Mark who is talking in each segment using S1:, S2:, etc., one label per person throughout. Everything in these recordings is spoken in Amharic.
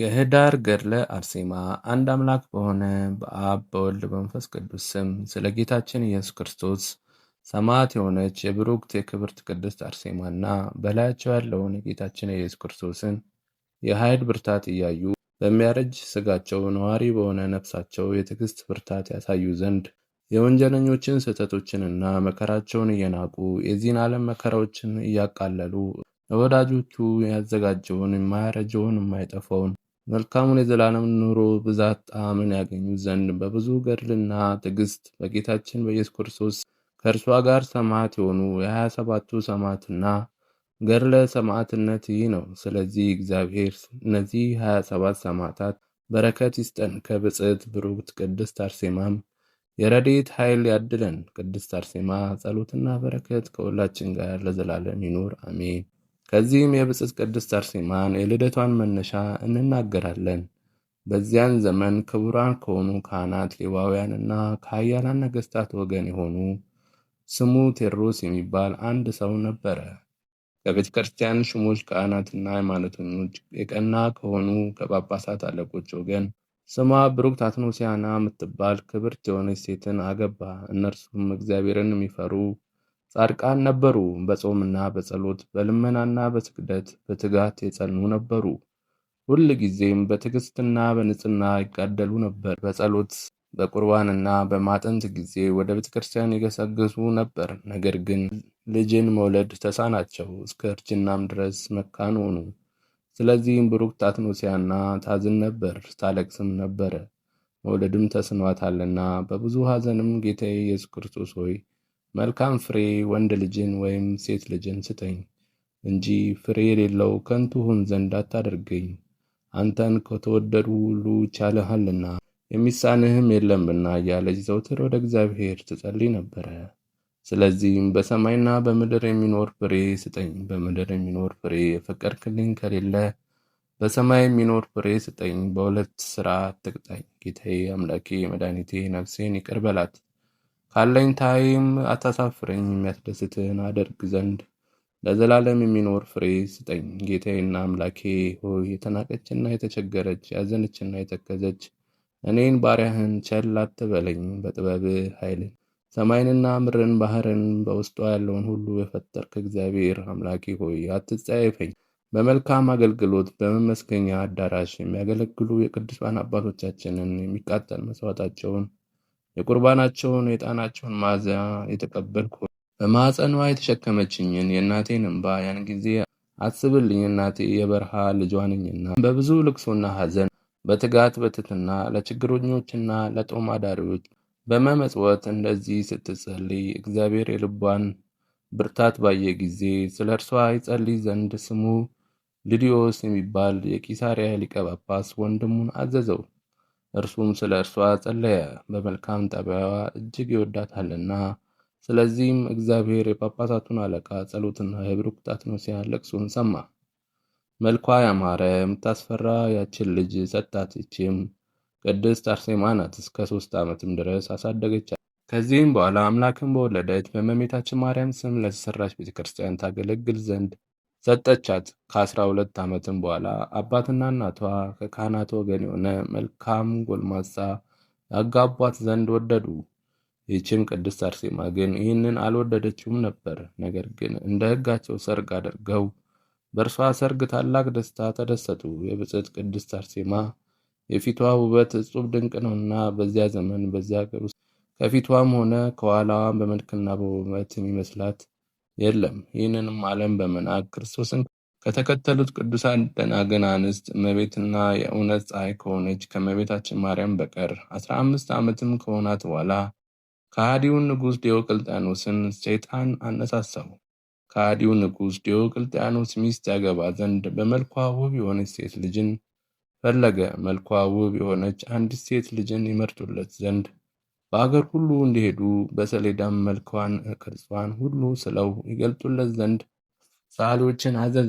S1: የህዳር ገድለ አርሴማ አንድ አምላክ በሆነ በአብ በወልድ በመንፈስ ቅዱስ ስም ስለ ጌታችን ኢየሱስ ክርስቶስ ሰማዕት የሆነች የብሩክት የክብርት ቅድስት እና በላያቸው ያለውን የጌታችን ኢየሱስ ክርስቶስን የኃይል ብርታት እያዩ በሚያረጅ ስጋቸው ነዋሪ በሆነ ነፍሳቸው የትዕግስት ብርታት ያሳዩ ዘንድ የወንጀለኞችን ስህተቶችንና መከራቸውን እየናቁ የዚህን ዓለም መከራዎችን እያቃለሉ ለወዳጆቹ ያዘጋጀውን የማያረጀውን የማይጠፋውን መልካሙን የዘላለም ኑሮ ብዛት ጣዕምን ያገኙ ዘንድ በብዙ ገድልና ትዕግስት በጌታችን በኢየሱስ ክርስቶስ ከእርሷ ጋር ሰማዕት የሆኑ የሀያ ሰባቱ ሰማዕትና ገድለ ሰማዕትነት ይህ ነው። ስለዚህ እግዚአብሔር እነዚህ ሀያ ሰባት ሰማዕታት በረከት ይስጠን። ከብጽዕት ብሩክት ቅድስት አርሴማም የረድኤት ኃይል ያድለን። ቅድስት አርሴማ ጸሎትና በረከት ከሁላችን ጋር ለዘላለም ይኑር አሜን። ከዚህም የብጽት ቅድስት አርሴማን የልደቷን መነሻ እንናገራለን። በዚያን ዘመን ክቡራን ከሆኑ ካህናት ሌዋውያንና ከኃያላን ነገሥታት ወገን የሆኑ ስሙ ቴድሮስ የሚባል አንድ ሰው ነበረ። ከቤተ ክርስቲያን ሹሞች ካህናትና ሃይማኖተኞች የቀና ከሆኑ ከጳጳሳት አለቆች ወገን ስሟ ብሩክት አትኖሲያና የምትባል ክብርት የሆነች ሴትን አገባ። እነርሱም እግዚአብሔርን የሚፈሩ ጻድቃን ነበሩ። በጾምና በጸሎት በልመናና በስግደት በትጋት የጸኑ ነበሩ። ሁል ጊዜም በትዕግስትና በንጽና ይጋደሉ ነበር። በጸሎት በቁርባንና በማጠንት ጊዜ ወደ ቤተ ክርስቲያን ይገሰግሱ ነበር። ነገር ግን ልጅን መውለድ ተሳናቸው፣ እስከ እርጅናም ድረስ መካን ሆኑ። ስለዚህም ብሩክ ታትኖሲያና ታዝን ነበር፣ ታለቅስም ነበረ። መውለድም ተስኗታልና በብዙ ሐዘንም ጌታዬ ኢየሱስ ክርስቶስ ሆይ መልካም ፍሬ ወንድ ልጅን ወይም ሴት ልጅን ስጠኝ እንጂ ፍሬ የሌለው ከንቱ ሁን ዘንድ አታደርገኝ። አንተን ከተወደዱ ሁሉ ቻለሃልና የሚሳንህም የለምና እያለች ዘውትር ወደ እግዚአብሔር ትጸልይ ነበረ። ስለዚህም በሰማይና በምድር የሚኖር ፍሬ ስጠኝ፣ በምድር የሚኖር ፍሬ የፈቀድክልኝ ከሌለ በሰማይ የሚኖር ፍሬ ስጠኝ፣ በሁለት ስራ ትቅጠኝ። ጌታዬ አምላኬ መድኃኒቴ ነፍሴን ይቅር በላት ታይም አታሳፍረኝ የሚያስደስትህን አደርግ ዘንድ ለዘላለም የሚኖር ፍሬ ስጠኝ። ጌታዬና አምላኬ ሆይ የተናቀችና የተቸገረች ያዘነችና የተከዘች እኔን ባሪያህን ቸል አትበለኝ። በጥበብህ ኃይልን ሰማይንና ምድርን ባህርን በውስጧ ያለውን ሁሉ የፈጠርክ እግዚአብሔር አምላኬ ሆይ አትጸየፈኝ። በመልካም አገልግሎት በመመስገኛ አዳራሽ የሚያገለግሉ የቅዱሳን አባቶቻችንን የሚቃጠል መስዋዕታቸውን የቁርባናቸውን የጣናቸውን ማዚያ የተቀበልኩ በማፀኗ የተሸከመችኝን የእናቴን እንባ ያን ጊዜ አስብልኝ እናቴ የበረሃ ልጇ ነኝና በብዙ ልቅሶና ሐዘን በትጋት በትትና ለችግረኞችና ለጦም አዳሪዎች በመመጽወት እንደዚህ ስትጸልይ እግዚአብሔር የልቧን ብርታት ባየ ጊዜ ስለ እርሷ ይጸልይ ዘንድ ስሙ ልድዮስ የሚባል የቂሳሪያ ሊቀ ጳጳስ ወንድሙን አዘዘው። እርሱም ስለ እርሷ ጸለየ፣ በመልካም ጠባይዋ እጅግ ይወዳታልና። ስለዚህም እግዚአብሔር የጳጳሳቱን አለቃ ጸሎትና የብሩክጣትኖስያን ለቅሶን ሰማ። መልኳ ያማረ የምታስፈራ ያችን ልጅ ሰጣት። ይቺም ቅድስት አርሴማ ናት። እስከ ሶስት ዓመትም ድረስ አሳደገቻት። ከዚህም በኋላ አምላክን በወለደች በእመቤታችን ማርያም ስም ለተሰራች ቤተክርስቲያን ታገለግል ዘንድ ሰጠቻት። ከአስራ ሁለት ዓመትም በኋላ አባትና እናቷ ከካህናት ወገን የሆነ መልካም ጎልማሳ ያጋቧት ዘንድ ወደዱ። ይህችም ቅድስት አርሴማ ግን ይህንን አልወደደችውም ነበር። ነገር ግን እንደ ሕጋቸው ሰርግ አድርገው በእርሷ ሰርግ ታላቅ ደስታ ተደሰቱ። የብፅዕት ቅድስት አርሴማ የፊቷ ውበት እጹብ ድንቅ ነውና በዚያ ዘመን በዚያ ሀገር ውስጥ ከፊቷም ሆነ ከኋላዋ በመልክና በውበት የሚመስላት የለም። ይህንንም ዓለም በመናቅ ክርስቶስን ከተከተሉት ቅዱሳን ደናግን አንስት እመቤትና የእውነት ፀሐይ ከሆነች ከእመቤታችን ማርያም በቀር አስራ አምስት ዓመትም ከሆናት በኋላ ከሃዲውን ንጉሥ ዲዮቅልጥያኖስን ሰይጣን አነሳሳው። ከሃዲው ንጉሥ ዲዮቅልጥያኖስ ሚስት ያገባ ዘንድ በመልኳ ውብ የሆነች ሴት ልጅን ፈለገ። መልኳ ውብ የሆነች አንዲት ሴት ልጅን ይመርጡለት ዘንድ በአገር ሁሉ እንዲሄዱ በሰሌዳም መልኳን፣ ቅርጿን ሁሉ ስለው ይገልጡለት ዘንድ ሰዓሊዎችን አዘዘ።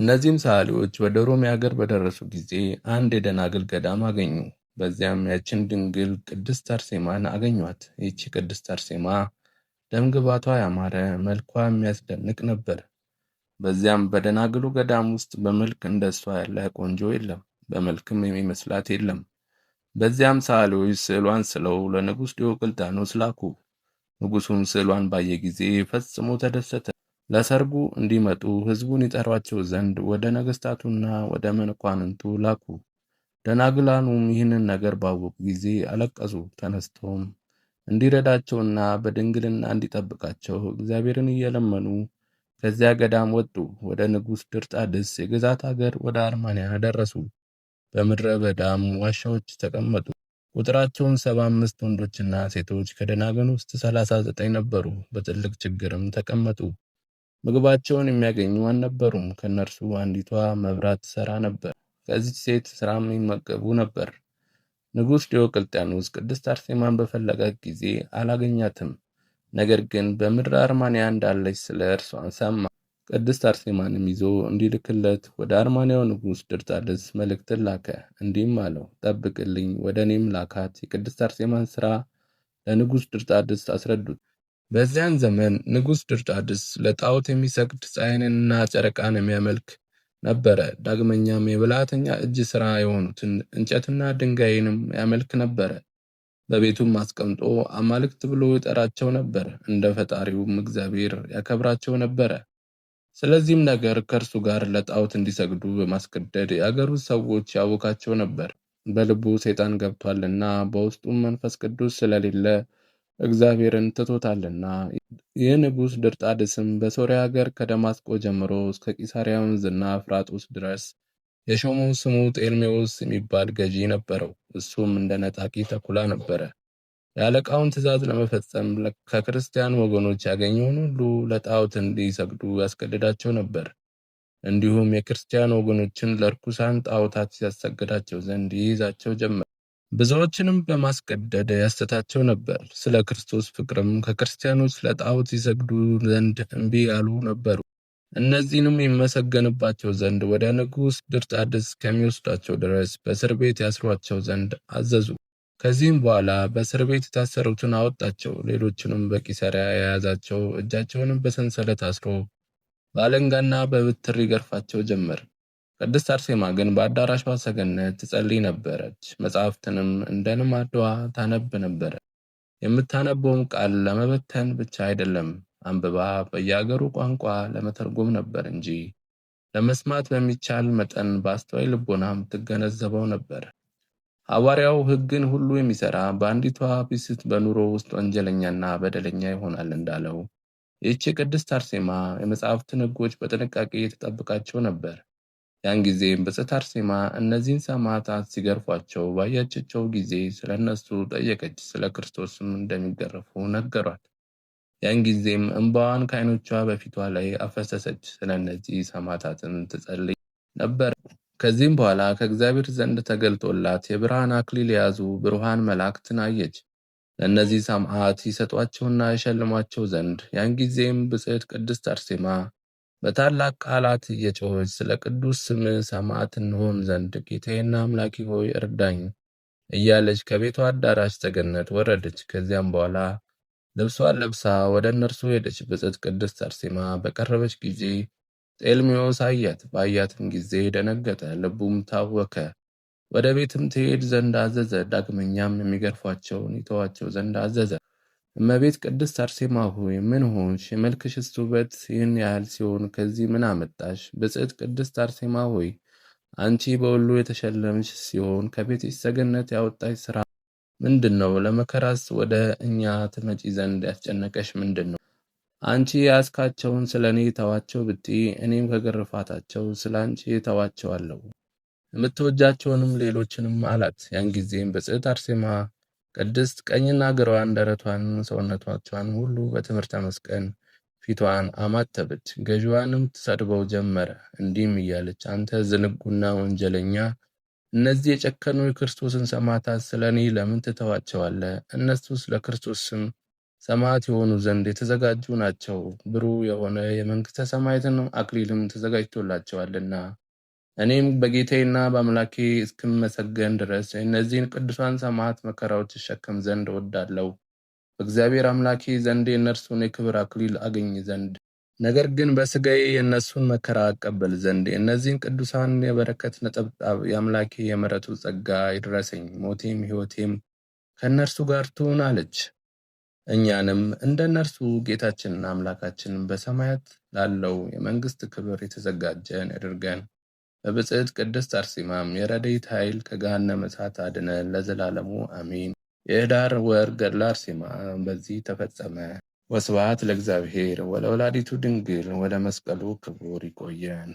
S1: እነዚህም ሰዓሊዎች ወደ ሮሚ አገር በደረሱ ጊዜ አንድ የደናግል ገዳም አገኙ። በዚያም ያችን ድንግል ቅድስት አርሴማን አገኟት። ይቺ ቅድስት አርሴማ ደምግባቷ ያማረ መልኳ የሚያስደንቅ ነበር። በዚያም በደናግሉ ገዳም ውስጥ በመልክ እንደሷ ያለ ቆንጆ የለም፣ በመልክም የሚመስላት የለም። በዚያም ሰዓሊዎች ስዕሏን ስለው ለንጉሥ ዲዮቅልጥያኖስ ላኩ። ንጉሱም ስዕሏን ባየ ጊዜ ፈጽሞ ተደሰተ። ለሰርጉ እንዲመጡ ሕዝቡን ይጠሯቸው ዘንድ ወደ ነገሥታቱና ወደ መንኳንንቱ ላኩ። ደናግላኑም ይህንን ነገር ባወቁ ጊዜ አለቀሱ። ተነስተውም እንዲረዳቸውና በድንግልና እንዲጠብቃቸው እግዚአብሔርን እየለመኑ ከዚያ ገዳም ወጡ። ወደ ንጉሥ ድርጣድስ የግዛት አገር ወደ አርማንያ ደረሱ። በምድረ በዳም ዋሻዎች ተቀመጡ። ቁጥራቸውም ሰባ አምስት ወንዶችና ሴቶች ከደናግን ውስጥ ሰላሳ ዘጠኝ ነበሩ። በትልቅ ችግርም ተቀመጡ። ምግባቸውን የሚያገኙ አልነበሩም። ከእነርሱ አንዲቷ መብራት ትሰራ ነበር፣ ከዚች ሴት ስራም ይመገቡ ነበር። ንጉሥ ዲዮቅልጥያኖስ ቅድስት አርሴማን በፈለጋት ጊዜ አላገኛትም። ነገር ግን በምድረ አርማንያ እንዳለች ስለ እርሷን ሰማ። ቅድስት አርሴማንም ይዞ እንዲልክለት ወደ አርማንያው ንጉሥ ድርጣድስ መልእክትን ላከ። እንዲህም አለው፣ ጠብቅልኝ፣ ወደ እኔም ላካት። የቅድስት አርሴማን ሥራ ለንጉሥ ድርጣድስ አስረዱት። በዚያን ዘመን ንጉሥ ድርጣድስ ለጣዖት የሚሰግድ ፀሐይንና ጨረቃን የሚያመልክ ነበረ። ዳግመኛም የብልሃተኛ እጅ ሥራ የሆኑትን እንጨትና ድንጋይንም ያመልክ ነበረ። በቤቱም አስቀምጦ አማልክት ብሎ ይጠራቸው ነበር። እንደ ፈጣሪውም እግዚአብሔር ያከብራቸው ነበረ። ስለዚህም ነገር ከእርሱ ጋር ለጣዖት እንዲሰግዱ በማስገደድ የአገሩ ሰዎች ያወካቸው ነበር። በልቡ ሰይጣን ገብቷልና በውስጡም መንፈስ ቅዱስ ስለሌለ እግዚአብሔርን ትቶታልና። ይህ ንጉሥ ድርጣድስም በሶርያ ሀገር ከደማስቆ ጀምሮ እስከ ቂሳሪያ ወንዝና ፍራጡስ ድረስ የሾመው ስሙ ጤልሜዎስ የሚባል ገዢ ነበረው። እሱም እንደ ነጣቂ ተኩላ ነበረ። የአለቃውን ትእዛዝ ለመፈጸም ከክርስቲያን ወገኖች ያገኘውን ሁሉ ለጣዖት እንዲሰግዱ ያስገድዳቸው ነበር። እንዲሁም የክርስቲያን ወገኖችን ለርኩሳን ጣዖታት ሲያሰግዳቸው ዘንድ ይይዛቸው ጀመር። ብዙዎችንም በማስገደድ ያስተታቸው ነበር። ስለ ክርስቶስ ፍቅርም ከክርስቲያኖች ለጣዖት ይሰግዱ ዘንድ እምቢ ያሉ ነበሩ። እነዚህንም ይመሰገንባቸው ዘንድ ወደ ንጉሥ ድርጣድስ ከሚወስዷቸው ድረስ በእስር ቤት ያስሯቸው ዘንድ አዘዙ። ከዚህም በኋላ በእስር ቤት የታሰሩትን አወጣቸው። ሌሎችንም በቂሳሪያ የያዛቸው እጃቸውንም በሰንሰለት አስሮ በአለንጋና በብትር ይገርፋቸው ጀመር። ቅድስት አርሴማ ግን በአዳራሿ ሰገነት ትጸልይ ነበረች። መጽሐፍትንም እንደ ልማዷ ታነብ ነበረ። የምታነበውም ቃል ለመበተን ብቻ አይደለም፣ አንብባ በየአገሩ ቋንቋ ለመተርጎም ነበር እንጂ ለመስማት በሚቻል መጠን በአስተዋይ ልቦናም ትገነዘበው ነበር። ሐዋርያው ሕግን ሁሉ የሚሰራ በአንዲቷ ቢስት በኑሮ ውስጥ ወንጀለኛና በደለኛ ይሆናል እንዳለው ይህች ቅድስት አርሴማ የመጽሐፍትን ሕጎች በጥንቃቄ የተጠብቃቸው ነበር። ያን ጊዜም ብጽዕት አርሴማ እነዚህን ሰማዕታት ሲገርፏቸው ባያቸቸው ጊዜ ስለ እነሱ ጠየቀች፣ ስለ ክርስቶስም እንደሚገረፉ ነገሯት። ያን ጊዜም እንባዋን ከዓይኖቿ በፊቷ ላይ አፈሰሰች፣ ስለ እነዚህ ሰማዕታትም ትጸልይ ነበር። ከዚህም በኋላ ከእግዚአብሔር ዘንድ ተገልጦላት የብርሃን አክሊል የያዙ ብሩሃን መላእክትን አየች። ለእነዚህ ሰማዕት ይሰጧቸውና ይሸልሟቸው ዘንድ ያን ጊዜም ብጽዕት ቅድስት አርሴማ በታላቅ ቃላት እየጮኸች ስለ ቅዱስ ስም ሰማዕት እንሆን ዘንድ ጌታዬና አምላኪ ሆይ እርዳኝ እያለች ከቤቷ አዳራሽ ተገነት ወረደች። ከዚያም በኋላ ልብሷን ለብሳ ወደ እነርሱ ሄደች። ብጽዕት ቅድስት አርሴማ በቀረበች ጊዜ ጤልሚዮስ አያት። ባያትም ጊዜ ደነገጠ፣ ልቡም ታወከ። ወደ ቤትም ትሄድ ዘንድ አዘዘ። ዳግመኛም የሚገርፏቸውን ይተዋቸው ዘንድ አዘዘ። እመቤት ቅድስት አርሴማ ሆይ ምን ሆንሽ? የመልክሽስ ውበት ይህን ያህል ሲሆን ከዚህ ምን አመጣሽ? ብጽዕት ቅድስት አርሴማ ሆይ አንቺ በሁሉ የተሸለምሽ ሲሆን ከቤትሽ ሰገነት ያወጣሽ ስራ ምንድን ነው? ለመከራስ ወደ እኛ ትመጪ ዘንድ ያስጨነቀሽ ምንድን ነው? አንቺ ያስካቸውን ስለ እኔ ተዋቸው ብትይ እኔም ከግርፋታቸው ስለ አንቺ ተዋቸዋለሁ። የምትወጃቸውንም ሌሎችንም አላት። ያን ጊዜም ብጽዕት አርሴማ ቅድስት ቀኝና ግራዋን፣ ደረቷን፣ ሰውነቷቿን ሁሉ በትምህርተ መስቀን ፊቷን አማተበች። ገዥዋንም ትሰድበው ጀመረ። እንዲህም እያለች አንተ ዝንጉና ወንጀለኛ እነዚህ የጨከኑ የክርስቶስን ሰማዕታት ስለ እኔ ለምን ትተዋቸዋለህ? እነሱስ ለክርስቶስ ስም ሰማዕት የሆኑ ዘንድ የተዘጋጁ ናቸው። ብሩህ የሆነ የመንግሥተ ሰማያትን አክሊልም ተዘጋጅቶላቸዋልና። እኔም በጌታዬና በአምላኬ እስክመሰገን ድረስ እነዚህን ቅዱሳን ሰማዕት መከራዎች እሸከም ዘንድ እወዳለሁ፣ በእግዚአብሔር አምላኬ ዘንድ የእነርሱን የክብር አክሊል አገኝ ዘንድ። ነገር ግን በስጋዬ የእነሱን መከራ አቀበል ዘንድ የእነዚህን ቅዱሳን የበረከት ነጠብጣብ የአምላኬ የምሕረቱ ጸጋ ይድረሰኝ፣ ሞቴም ሕይወቴም ከእነርሱ ጋር ትሁን አለች። እኛንም እንደ እነርሱ ጌታችንና አምላካችን በሰማያት ላለው የመንግስት ክብር የተዘጋጀን ያድርገን። በብጽዕት ቅድስት አርሴማም የረድኤት ኃይል ከገሃነመ እሳት አድነን ለዘላለሙ አሚን። የኅዳር ወር ገድለ አርሴማ በዚህ ተፈጸመ። ወስብሐት ለእግዚአብሔር ወለወላዲቱ ድንግል ወለመስቀሉ ክቡር። ይቆየን።